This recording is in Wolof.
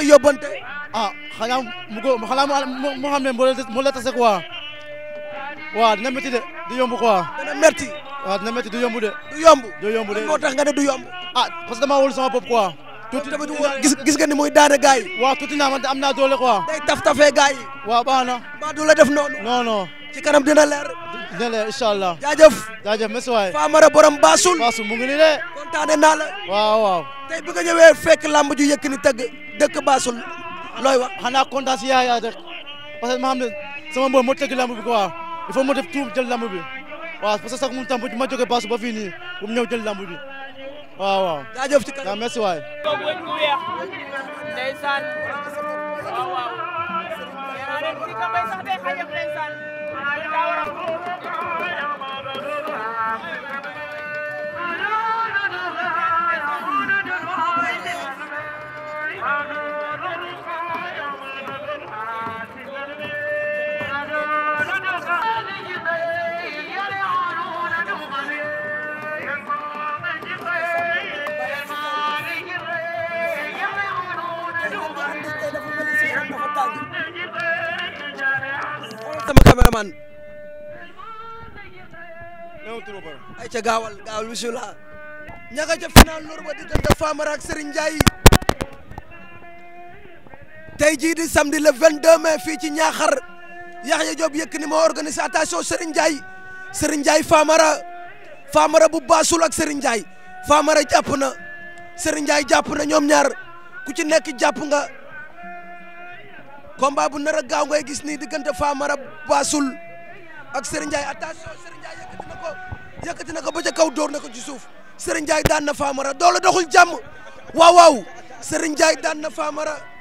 koy a ah xanaa mu ko xanaa mu xam ne moo la tase quoi waaw dina métti de du yomb quoi. dina métti. waaw dina métti du yomb de. du yomb du yomb de moo tax nga ne du yomb. ah parce que damaa wóolu sama bopp quoi. tuuti ni muy daane gars yi. waaw tuuti naa man am naa doole quoi. day taf tafee gars yi. waaw baax na. maa du la def noonu. non non. dina leer. dina allah. jaajëf. jaajëf merci waay. Famara borom Baasul. Baasul mu de. kontaane tey bu nga ñëwee fekk làmb ju yëkk ni tëgg dëkk baasul looy wax xanaa kontaan si yaay yaay rek parce que ma xam sama mbër moo tëgg làmb bi quoi il faut moo def tuub jël làmb bi waaw parce que mu tam ma jógee baasul ba fii nii bu mu ñëw jël làmb bi waaw waaw jaajëf ci kanam merci waay yàgg sama cameraman ay ca gaawal gaawal bismillah ñaga ca final lor ba diggante Famara ak Serigne Ndiaye tey jii di samedi le fii ci Ñaaxar Yaxya Diop Yékini moo organisé attention Serigne Ndiaye Serigne Ndiaye Famara Famara bu baasul ak Serigne Ndiaye Famara jàpp na Serigne Ndiaye ñoom ñaar ku ci nekk jàpp combat bu nar a gaaw ngay gis nii diggante Famara Basul ak Serigne Ndiaye attention Serigne na ko yëkkati ko ba ca kaw dóor na ko ci suuf Serigne Ndiaye daan na Famara doole doxul jàmm waaw waaw Serigne Ndiaye daan na Famara.